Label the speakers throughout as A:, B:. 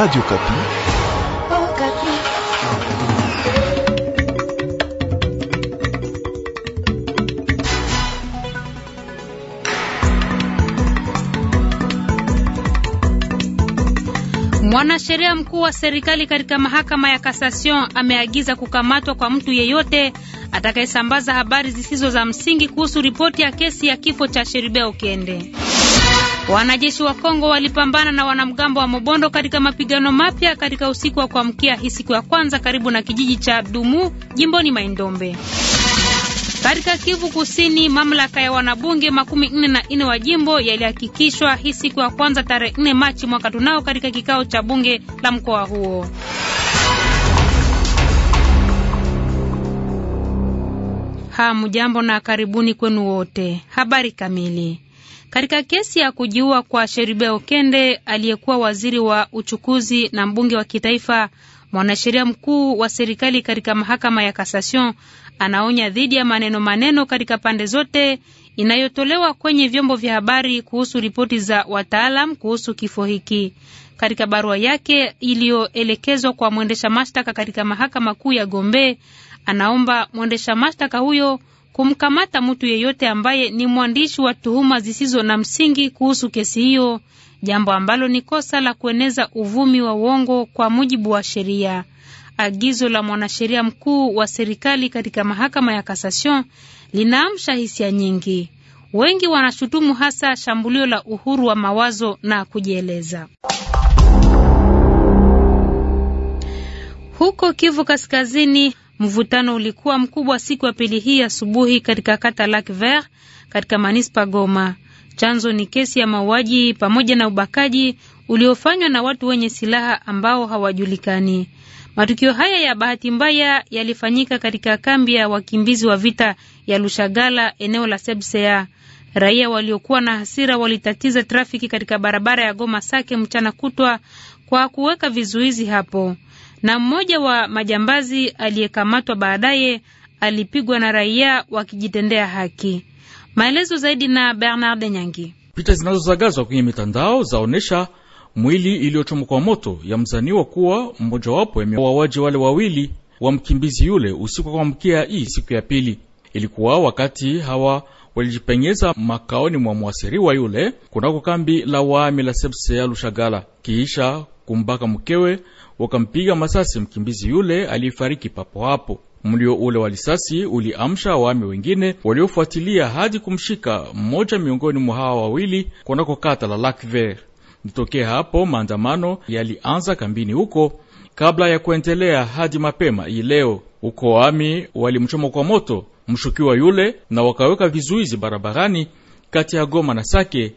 A: Radio Kapi.
B: Oh, Kapi.
C: Mwanasheria mkuu wa serikali katika mahakama ya Cassation ameagiza kukamatwa kwa mtu yeyote atakayesambaza habari zisizo za msingi kuhusu ripoti ya kesi ya kifo cha Sheribeo Kende. Wanajeshi wa Kongo walipambana na wanamgambo wa Mobondo katika mapigano mapya katika usiku wa kuamkia hii siku ya kwanza karibu na kijiji cha Dumu jimboni Maindombe. Katika Kivu Kusini, mamlaka ya wanabunge makumi nne na nne wa jimbo yalihakikishwa hii siku ya kwanza tarehe 4 Machi mwaka tunao katika kikao cha bunge la mkoa huo. Hamjambo na karibuni kwenu wote. Habari kamili katika kesi ya kujiua kwa Sheribe okende aliyekuwa waziri wa uchukuzi na mbunge wa kitaifa, mwanasheria mkuu wa serikali katika mahakama ya Kasasion anaonya dhidi ya maneno maneno katika pande zote inayotolewa kwenye vyombo vya habari kuhusu ripoti za wataalam kuhusu kifo hiki. Katika barua yake iliyoelekezwa kwa mwendesha mashtaka katika mahakama kuu ya Gombe, anaomba mwendesha mashtaka huyo kumkamata mtu yeyote ambaye ni mwandishi wa tuhuma zisizo na msingi kuhusu kesi hiyo, jambo ambalo ni kosa la kueneza uvumi wa uongo kwa mujibu wa sheria. Agizo la mwanasheria mkuu wa serikali katika mahakama ya kasasion linaamsha hisia nyingi. Wengi wanashutumu hasa shambulio la uhuru wa mawazo na kujieleza. Huko Kivu Kaskazini Mvutano ulikuwa mkubwa siku ya pili hii asubuhi katika kata Lac Vert katika manispa Goma. Chanzo ni kesi ya mauaji pamoja na ubakaji uliofanywa na watu wenye silaha ambao hawajulikani. Matukio haya ya bahati mbaya yalifanyika katika kambi ya wakimbizi wa vita ya Lushagala, eneo la Sebsea. Raia waliokuwa na hasira walitatiza trafiki katika barabara ya Goma Sake mchana kutwa kwa kuweka vizuizi hapo na mmoja wa majambazi aliyekamatwa baadaye alipigwa na raia wakijitendea haki. Maelezo zaidi na Bernard Nyangi.
D: Picha zinazozagazwa kwenye mitandao zaonyesha mwili iliyochomwa kwa moto ya mzaniwa kuwa mmojawapo ya wauaji wale wawili wa mkimbizi yule usiku wa kuamkia hii siku ya pili. Ilikuwa wakati hawa walijipenyeza makaoni mwa mwasiriwa yule kunako kambi la waami la Sepse ya Lushagala kiisha kumbaka mkewe wakampiga masasi mkimbizi yule aliyefariki papo hapo. Mlio ule wa lisasi uliamsha waami wengine waliofuatilia hadi kumshika mmoja miongoni mwa hawa wawili kunako kata la Lac Vert. Nitokee hapo, maandamano yalianza kambini huko kabla ya kuendelea hadi mapema hii leo. Huko waami walimchoma kwa moto mshukiwa yule na wakaweka vizuizi barabarani kati ya Goma na Sake,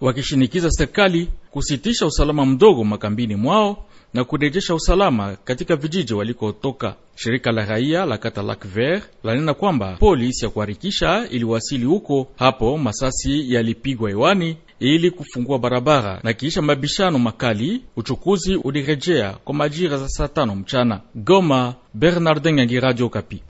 D: wakishinikiza serikali kusitisha usalama mdogo makambini mwao na kurejesha usalama katika vijiji walikotoka. Shirika la raia la kata Lac Vert lanena kwamba polisi ya kuharikisha iliwasili huko, hapo masasi yalipigwa hewani ili kufungua barabara, na kisha mabishano makali, uchukuzi ulirejea kwa majira za saa tano mchana. Goma, Bernardin Nyangi, Radio Kapi.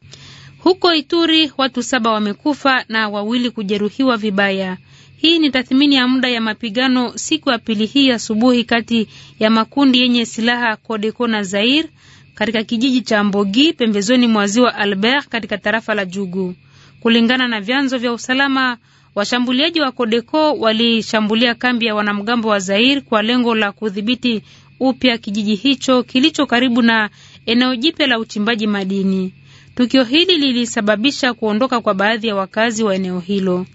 C: Huko Ituri watu saba wamekufa na wawili kujeruhiwa vibaya. Hii ni tathmini ya muda ya mapigano siku ya pili hii asubuhi kati ya makundi yenye silaha Codeco na Zair katika kijiji cha Mbogi pembezoni mwa ziwa Albert katika tarafa la Jugu. Kulingana na vyanzo vya usalama, washambuliaji wa Codeco walishambulia kambi ya wanamgambo wa Zair kwa lengo la kudhibiti upya kijiji hicho kilicho karibu na eneo jipya la uchimbaji madini. Tukio hili lilisababisha kuondoka kwa baadhi ya wakazi wa eneo hilo.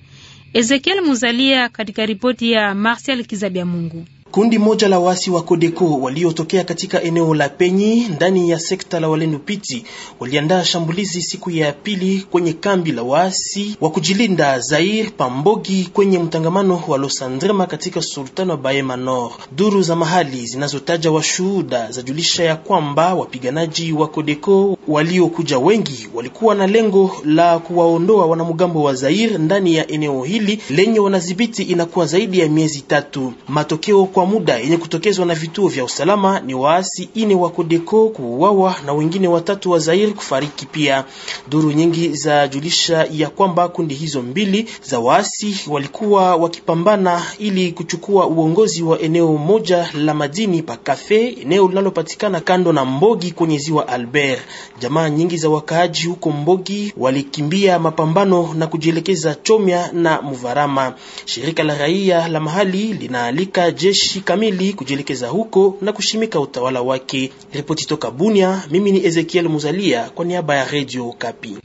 C: Ezekiel Muzalia katika ripoti ya Marcel Kizabia Mungu.
E: Kundi moja la wasi wa Kodeko waliotokea katika eneo la Penyi ndani ya sekta la walendu piti waliandaa shambulizi siku ya pili kwenye kambi la waasi wa kujilinda Zair Pambogi kwenye mtangamano wa Losandrema katika sultano wa baema Nord. Duru za mahali zinazotaja washuhuda zajulisha ya kwamba wapiganaji wa Kodeko waliokuja wengi walikuwa na lengo la kuwaondoa wanamgambo wa Zair ndani ya eneo hili lenye wanadhibiti inakuwa zaidi ya miezi tatu. Matokeo kwa muda yenye kutokezwa na vituo vya usalama ni waasi ine wa Kodeko kuuawa na wengine watatu wa Zaire kufariki pia. Duru nyingi za julisha ya kwamba kundi hizo mbili za waasi walikuwa wakipambana ili kuchukua uongozi wa eneo moja la madini pa Kafe, eneo linalopatikana kando na Mbogi kwenye ziwa Albert. Jamaa nyingi za wakaaji huko Mbogi walikimbia mapambano na kujielekeza Chomya na Muvarama. Shirika la raia la mahali linaalika jeshi jeshi kamili kujielekeza huko na kushimika utawala wake. Ripoti toka Bunia, mimi ni Ezekiel Muzalia kwa niaba ya Radio Kapi.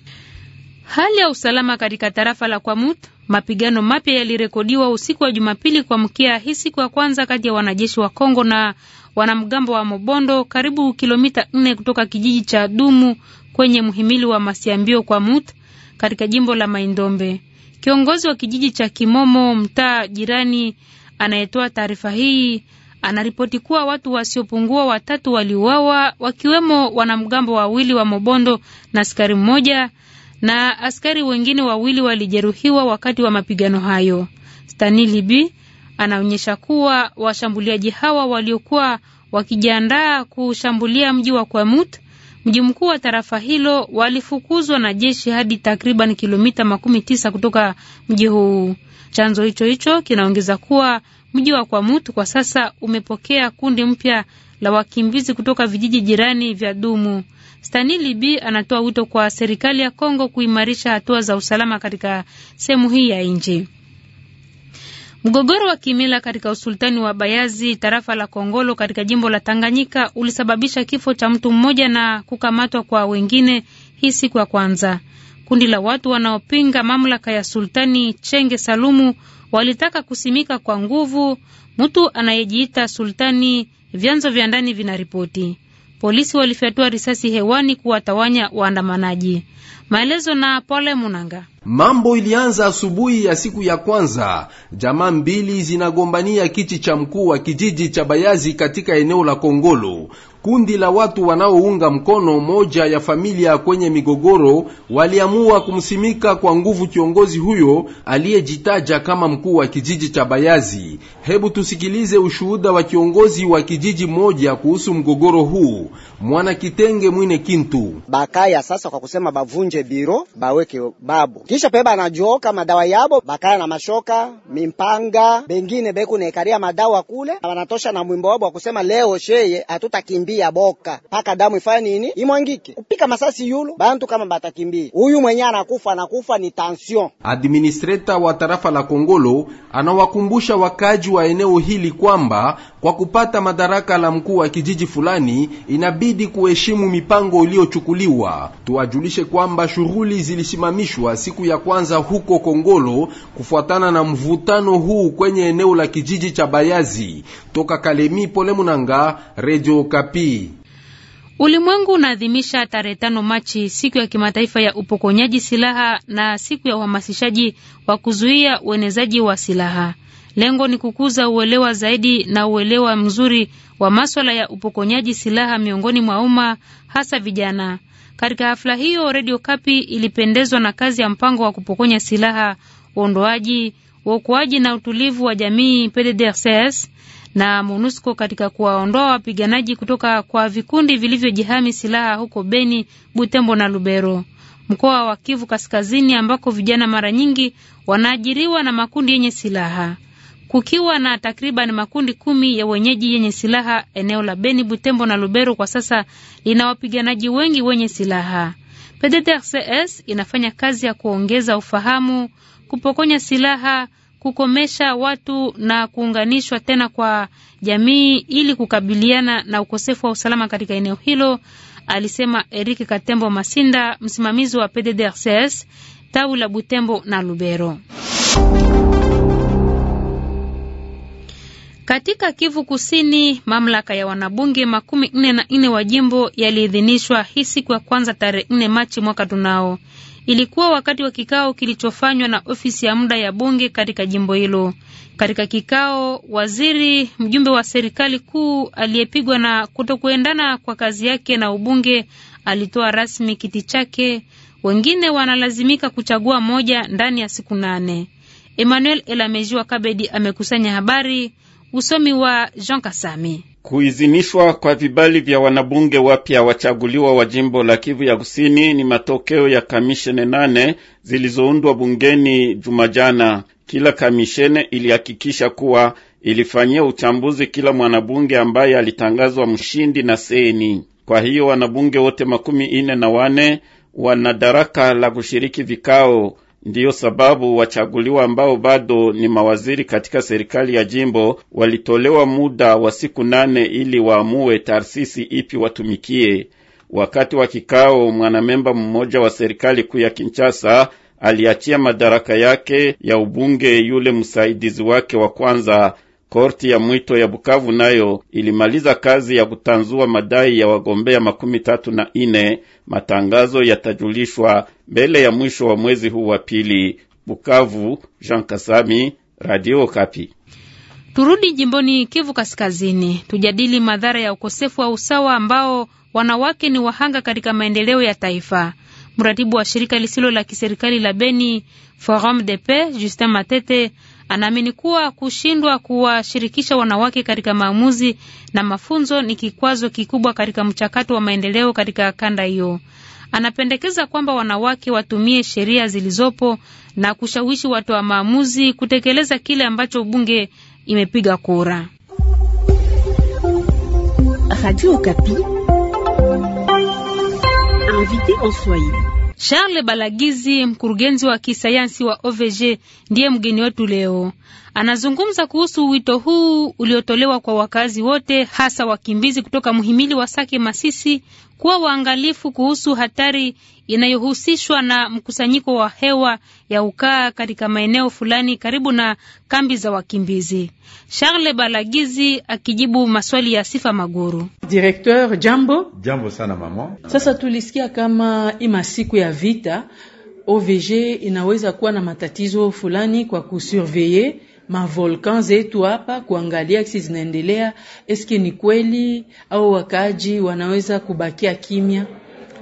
C: Hali ya usalama katika tarafa la Kwamut, mapigano mapya yalirekodiwa usiku wa Jumapili kuamkia hii siku ya kwanza kati ya wanajeshi wa Kongo na wanamgambo wa Mobondo karibu kilomita nne kutoka kijiji cha Dumu kwenye mhimili wa Masiambio kwa Mut katika jimbo la Maindombe. Kiongozi wa kijiji cha Kimomo mtaa jirani anayetoa taarifa hii anaripoti kuwa watu wasiopungua watatu waliuawa wakiwemo wanamgambo wawili wa Mobondo na askari mmoja na askari wengine wawili walijeruhiwa wakati wa mapigano hayo. libi anaonyesha kuwa washambuliaji hawa waliokuwa wakijiandaa kushambulia mji wa Kwamut Mji mkuu wa tarafa hilo walifukuzwa na jeshi hadi takriban kilomita makumi tisa kutoka mji huu. Chanzo hicho hicho kinaongeza kuwa mji wa Kwamutu kwa sasa umepokea kundi mpya la wakimbizi kutoka vijiji jirani vya Dumu. Stanili B anatoa wito kwa serikali ya Kongo kuimarisha hatua za usalama katika sehemu hii ya nchi. Mgogoro wa kimila katika usultani wa Bayazi, tarafa la Kongolo katika jimbo la Tanganyika ulisababisha kifo cha mtu mmoja na kukamatwa kwa wengine hii siku ya kwanza. Kundi la watu wanaopinga mamlaka ya Sultani Chenge Salumu walitaka kusimika kwa nguvu mtu anayejiita sultani, vyanzo vya ndani vinaripoti polisi walifyatua risasi hewani kuwatawanya waandamanaji. Maelezo na Pole Munanga.
F: Mambo ilianza asubuhi ya siku ya kwanza. Jamaa mbili zinagombania kiti cha mkuu wa kijiji cha Bayazi katika eneo la Kongolo. Kundi la watu wanaounga mkono moja ya familia kwenye migogoro waliamua kumsimika kwa nguvu kiongozi huyo aliyejitaja kama mkuu wa kijiji cha Bayazi. Hebu tusikilize ushuhuda wa kiongozi wa kijiji moja kuhusu mgogoro huu. Mwana Kitenge Mwine Kintu Bakaya
A: sasa kwa kusema bavunje biro baweke babu kisha peba anajoka madawa yabo Bakaya na mashoka mimpanga bengine bekunekaria madawa kule wanatosha na mwimbo wabo wa kusema leo sheye hatutakimbia ya boka mpaka damu ifanye nini, imwangike kupika masasi yulu bantu kama batakimbia, huyu mwenye anakufa anakufa ni tension.
F: Administrator wa tarafa la Kongolo anawakumbusha wakaji wa eneo hili kwamba kwa kupata madaraka la mkuu wa kijiji fulani inabidi kuheshimu mipango iliyochukuliwa. Tuwajulishe kwamba shughuli zilisimamishwa siku ya kwanza huko Kongolo kufuatana na mvutano huu kwenye eneo la kijiji cha Bayazi. Toka Kalemi, Pole Munanga, Radio Kapi.
C: Ulimwengu unaadhimisha tarehe tano Machi siku ya kimataifa ya upokonyaji silaha na siku ya uhamasishaji wa kuzuia uenezaji wa silaha. Lengo ni kukuza uelewa zaidi na uelewa mzuri wa maswala ya upokonyaji silaha miongoni mwa umma, hasa vijana. Katika hafla hiyo, redio Kapi ilipendezwa na kazi ya mpango wa kupokonya silaha, uondoaji, uokoaji na utulivu wa jamii PDDRCS na MONUSCO katika kuwaondoa wapiganaji kutoka kwa vikundi vilivyojihami silaha huko Beni, Butembo na Lubero. Mkoa wa Kivu Kaskazini ambako vijana mara nyingi wanaajiriwa na makundi yenye silaha. Kukiwa na takriban makundi kumi ya wenyeji yenye silaha, eneo la Beni, Butembo na Lubero kwa sasa lina wapiganaji wengi wenye silaha. PDDRCS inafanya kazi ya kuongeza ufahamu, kupokonya silaha kukomesha watu na kuunganishwa tena kwa jamii ili kukabiliana na ukosefu wa usalama katika eneo hilo, alisema Eric Katembo Masinda, msimamizi wa PDDRCS tawi la Butembo na Lubero. Katika Kivu Kusini, mamlaka ya wanabunge makumi nne na nne wa jimbo yaliidhinishwa hii siku ya kwanza tarehe nne Machi mwaka tunao Ilikuwa wakati wa kikao kilichofanywa na ofisi ya muda ya bunge katika jimbo hilo. Katika kikao, waziri mjumbe wa serikali kuu aliyepigwa na kutokuendana kwa kazi yake na ubunge alitoa rasmi kiti chake. Wengine wanalazimika kuchagua moja ndani ya siku nane. Emmanuel Elamejiwa Kabedi amekusanya habari. Usomi wa Jean Kasami.
B: Kuhizinishwa kwa vibali vya wanabunge wapya wachaguliwa wa jimbo la Kivu ya Kusini ni matokeo ya kamishene nane zilizoundwa bungeni Jumajana. Kila kamishene ilihakikisha kuwa ilifanyia uchambuzi kila mwanabunge ambaye alitangazwa mshindi na seni. Kwa hiyo wanabunge wote makumi ine na wane wana daraka la kushiriki vikao. Ndiyo sababu wachaguliwa ambao bado ni mawaziri katika serikali ya jimbo walitolewa muda wa siku nane ili waamue taasisi ipi watumikie. Wakati wa kikao, mwanamemba mmoja wa serikali kuu ya Kinshasa aliachia madaraka yake ya ubunge yule msaidizi wake wa kwanza Korti ya mwito ya Bukavu nayo ilimaliza kazi ya kutanzua madai ya wagombea makumi tatu na ine. Matangazo yatajulishwa mbele ya mwisho wa mwezi huu wa pili. Bukavu, Jean Kasami, Radio Kapi.
C: Turudi jimboni Kivu Kaskazini, tujadili madhara ya ukosefu wa usawa ambao wanawake ni wahanga katika maendeleo ya taifa. Mratibu wa shirika lisilo la kiserikali la Beni Forum de Paix, Justin Matete anaamini kuwa kushindwa kuwashirikisha wanawake katika maamuzi na mafunzo ni kikwazo kikubwa katika mchakato wa maendeleo katika kanda hiyo. Anapendekeza kwamba wanawake watumie sheria zilizopo na kushawishi watu wa maamuzi kutekeleza kile ambacho bunge imepiga kura. Radio Okapi. Charles Balagizi, mkurugenzi wa kisayansi wa OVG, ndiye mgeni wetu leo anazungumza kuhusu wito huu uliotolewa kwa wakazi wote, hasa wakimbizi kutoka mhimili wa Sake Masisi, kuwa waangalifu kuhusu hatari inayohusishwa na mkusanyiko wa hewa ya ukaa katika maeneo fulani karibu na kambi za wakimbizi. Charle Balagizi akijibu maswali ya Sifa Maguru.
E: Directeur, jambo.
C: Jambo sana mama. Sasa tulisikia kama
E: ima siku ya vita OVG inaweza kuwa na matatizo fulani kwa kusurveye mavolkan zetu hapa kuangalia kisi zinaendelea, eske ni kweli au wakaaji wanaweza kubakia kimya?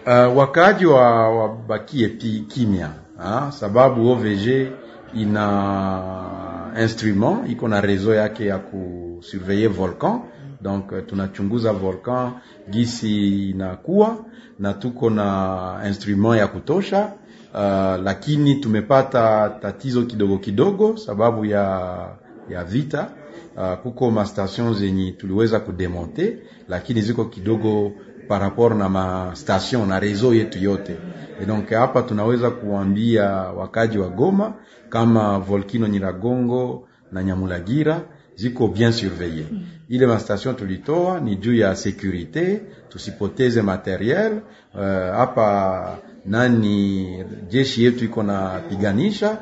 G: Uh, wakaaji wa wabakie kimya ha? Sababu OVG ina instrument iko na reseau yake ya kusurveiller volcan Donc euh, tunachunguza volcan gisi inakuwa na tuko na instrument ya kutosha uh, lakini tumepata tatizo kidogo kidogo sababu ya ya vita uh, kuko mastation zenye tuliweza kudemonte lakini ziko kidogo par rapport na mastation na rezo yetu yote. E, donc hapa tunaweza kuambia wakaji wa Goma kama volkino Nyiragongo na Nyamulagira ziko bien surveillé mm. ile mastation tulitoa ni juu ya sekurite tusipoteze materiel hapa uh, nani jeshi yetu iko napiganisha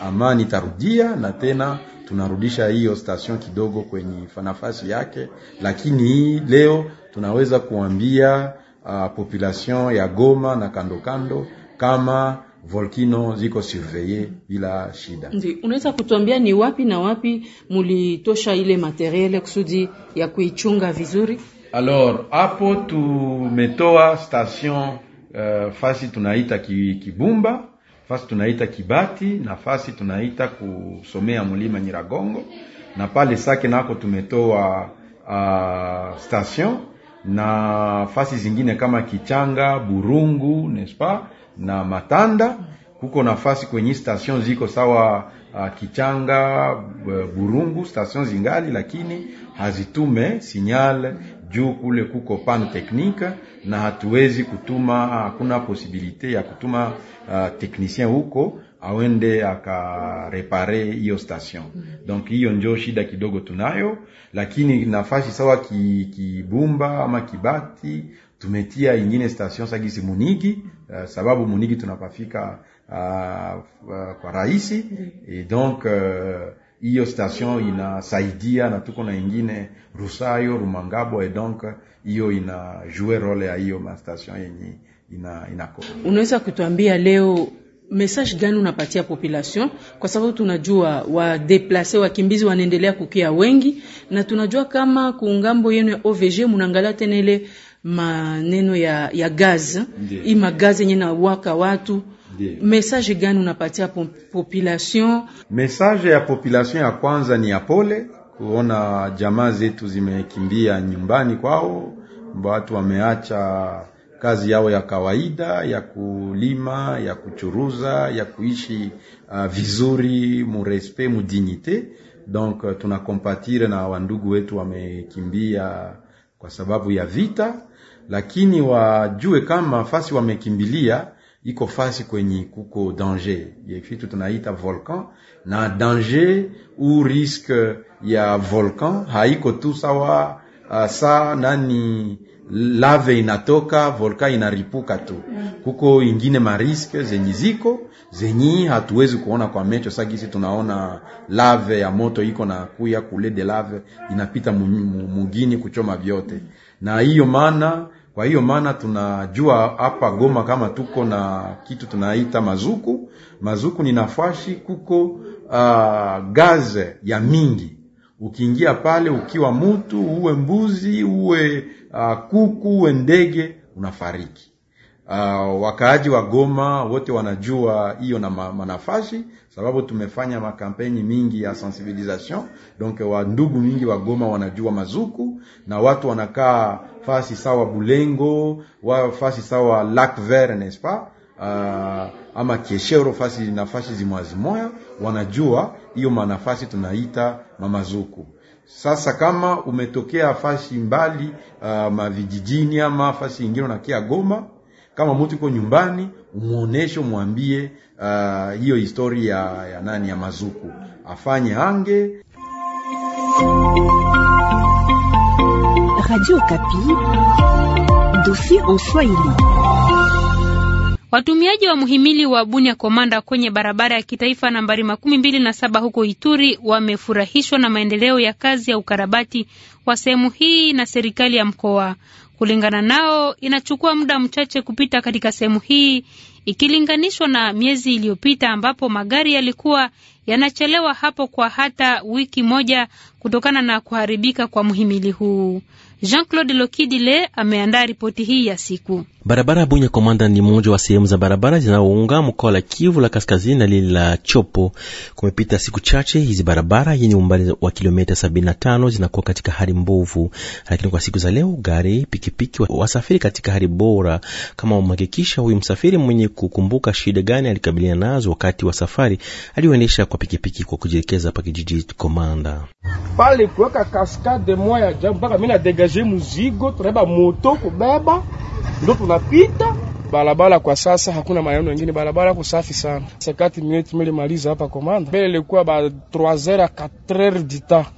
G: amani tarudia na tena tunarudisha hiyo station kidogo kwenye nafasi yake, lakini leo tunaweza kuambia uh, population ya Goma na kando kando kama volkino ziko surveye bila shida.
E: Ndi, unaweza kutuambia ni wapi na wapi mulitosha ile materiele kusudi ya kuichunga vizuri?
G: Alors hapo tumetoa station uh, fasi tunaita Kibumba, fasi tunaita Kibati na fasi tunaita kusomea mulima Nyiragongo, na pale Sake nako tumetoa uh, station na fasi zingine kama Kichanga, Burungu nespa na Matanda. Kuko nafasi kwenye station ziko sawa uh, Kichanga, uh, Burungu, station zingali lakini hazitume sinyal juu kule kuko pan teknike na hatuwezi kutuma, hakuna posibilite ya kutuma uh, technicien huko awende akarepare hiyo station mm -hmm. Donc hiyo njo shida kidogo tunayo, lakini nafasi sawa kibumba ki ama kibati tumetia ingine station sagisi Munigi uh, sababu Munigi tunapafika uh, uh, kwa rahisi mm -hmm. Et donc hiyo eh, uh, station inasaidia na tuko na ingine Rusayo Rumangabo, et donc hiyo ina jouer role ya hiyo ma station yenye ina, ina
E: unaweza kutuambia leo message gani unapatia population, kwa sababu tunajua wadeplase wakimbizi wanaendelea kukia wengi, na tunajua kama kungambo yenu ya OVG munangalia tena ile maneno ya, ya gaz hii magazi yenye waka watu Die. Message gani unapatia population?
G: Message ya population ya kwanza ni ya pole, kuona jamaa zetu zimekimbia nyumbani kwao, watu wameacha kazi yao ya kawaida ya kulima, ya kuchuruza, ya kuishi uh, vizuri murespe mudignite. Donc tuna euh, tunakompatire na wandugu wetu wamekimbia kwa sababu ya vita, lakini wajue kama fasi wamekimbilia iko fasi kwenye kuko danger yekitu tunaita volcan na danger ou risque ya volcan haiko tu sawa uh, nani lave inatoka, volka inaripuka tu. Kuko ingine mariske zenye ziko zenye hatuwezi kuona kwa mecho Sasa tunaona lave ya moto iko na kuya kule, de lave inapita mugini kuchoma vyote, na hiyo maana kwa hiyo maana tunajua hapa Goma kama tuko na kitu tunaita mazuku. Mazuku ni nafashi, kuko uh, gaze ya mingi. Ukiingia pale ukiwa mutu, uwe mbuzi, uwe uh, kuku ndege unafariki. Uh, wakaaji wa Goma wote wanajua hiyo na manafasi, sababu tumefanya makampeni mingi ya sensibilisation. Donc wandugu mingi wa Goma wanajua mazuku, na watu wanakaa fasi sawa Bulengo, wa fasi sawa Lac Vert n'est-ce pas? Uh, ama Kieshero, fasi nafasi zimwazimoya wanajua hiyo manafasi tunaita mamazuku sasa kama umetokea fashi mbali uh, ah, mavijijini ama fashi ingine unakia Goma, kama mtu uko nyumbani, umuoneshe umwambie ah, hiyo uh, historia ya, ya nani ya Mazuku afanye ange
C: Radio Kapi, dossier en Swahili. Watumiaji wa mhimili wa Bunia Komanda kwenye barabara ya kitaifa nambari makumi mbili na saba huko Ituri wamefurahishwa na maendeleo ya kazi ya ukarabati wa sehemu hii na serikali ya mkoa. Kulingana nao, inachukua muda mchache kupita katika sehemu hii ikilinganishwa na miezi iliyopita ambapo magari yalikuwa yanachelewa hapo kwa hata wiki moja kutokana na kuharibika kwa mhimili huu. Jean-Claude Lokidile ameandaa ripoti hii ya siku.
A: Barabara ya Bunya Komanda ni mmoja wa sehemu za barabara zinazounga mkoa la Kivu la kaskazini na lile la Chopo. Kumepita siku chache, hizi barabara yenye umbali wa kilomita 75 zinakuwa katika hali mbovu, lakini kwa siku za leo gari, pikipiki wasafiri katika hali bora, kama umhakikisha huyu msafiri mwenye kukumbuka shida gani alikabiliana nazo wakati wa safari aliyoendesha kwa pikipiki kwa kujielekeza pa kijiji Komanda
F: pale kuweka kaskade moya jambo mpaka mimi na
G: kupartage muzigo, tunaiba moto kubeba, ndo tunapita barabara kwa sasa hakuna maneno mengine, barabara ko safi sana. Sekati minute mele maliza hapa komanda, mbele ilikuwa ba
D: 3h 4h du temps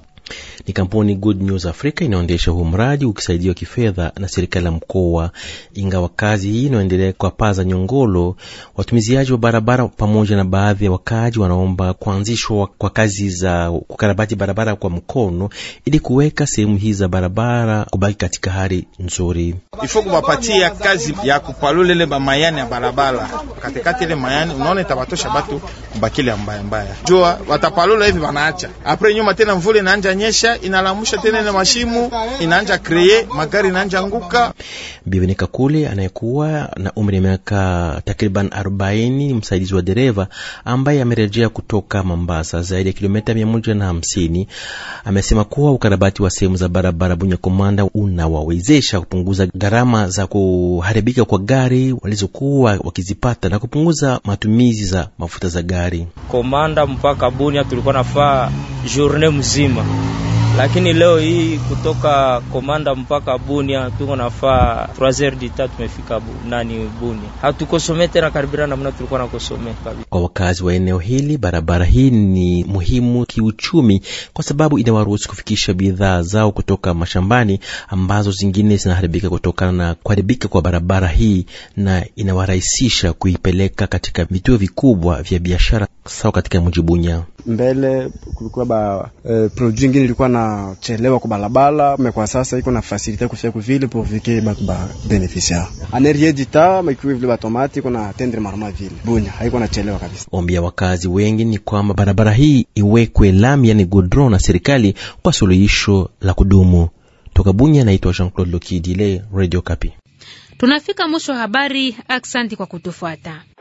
A: ni kampuni Good News Africa inayoendesha huu mradi ukisaidiwa kifedha na serikali ya mkoa. Ingawa kazi hii inaendelea za nyongolo watumiziaji wa barabara pamoja na baadhi ya wakaaji wanaomba kuanzishwa kwa kazi za kukarabati barabara kwa mkono ili kuweka sehemu hii za barabara kubaki katika hali nzuri.
E: Ifo kuwapatia kazi ya kupalula ile bamayani ya barabara katikati ile mayani, unaona itawatosha batu kubakile mbaya mbaya, jua watapalula hivi wanaacha apre nyuma tena mvule na naanja inanyesha inalamusha tena na mashimu inaanja kreye magari inaanja nguka.
A: Bibi Kakule anayekuwa na umri wa miaka takriban 40 ni msaidizi wa dereva ambaye amerejea kutoka Mombasa zaidi ya kilomita 150. Amesema kuwa ukarabati wa sehemu za barabara Bunya Komanda unawawezesha kupunguza gharama za kuharibika kwa gari walizokuwa wakizipata na kupunguza matumizi za mafuta za gari.
E: Komanda mpaka Bunya tulikuwa nafaa journée mzima lakini leo hii kutoka Komanda mpaka Bunia ah, tuko nafaa 3 du temps tumefika bu, nani Bunia, hatukosome tena karibira namna tulikuwa nakosome kabisa.
A: Kwa wakazi wa eneo hili, barabara hii ni muhimu kiuchumi, kwa sababu inawaruhusu kufikisha bidhaa zao kutoka mashambani ambazo zingine zinaharibika kutokana na kuharibika kwa barabara hii, na inawarahisisha kuipeleka katika vituo vikubwa vya biashara sawa katika mji Bunya.
E: Mbele
D: kulikuwa ba e, produit ingine ilikuwa na chelewa kwa barabara, mais kwa sasa iko na facilite kufika ku ville pour vike ba ba beneficiaire anerie dita makiwe vile ba tomate iko na tendre marma ville Bunya haiko na chelewa kabisa.
A: Ombi ya wakazi wengi ni kwamba barabara hii iwekwe lami, yani godron na serikali kwa suluhisho la kudumu. Toka Bunya, naitwa Jean-Claude Lokidi, le Radio Kapi.
C: Tunafika mwisho wa habari. Aksanti kwa kutufuata.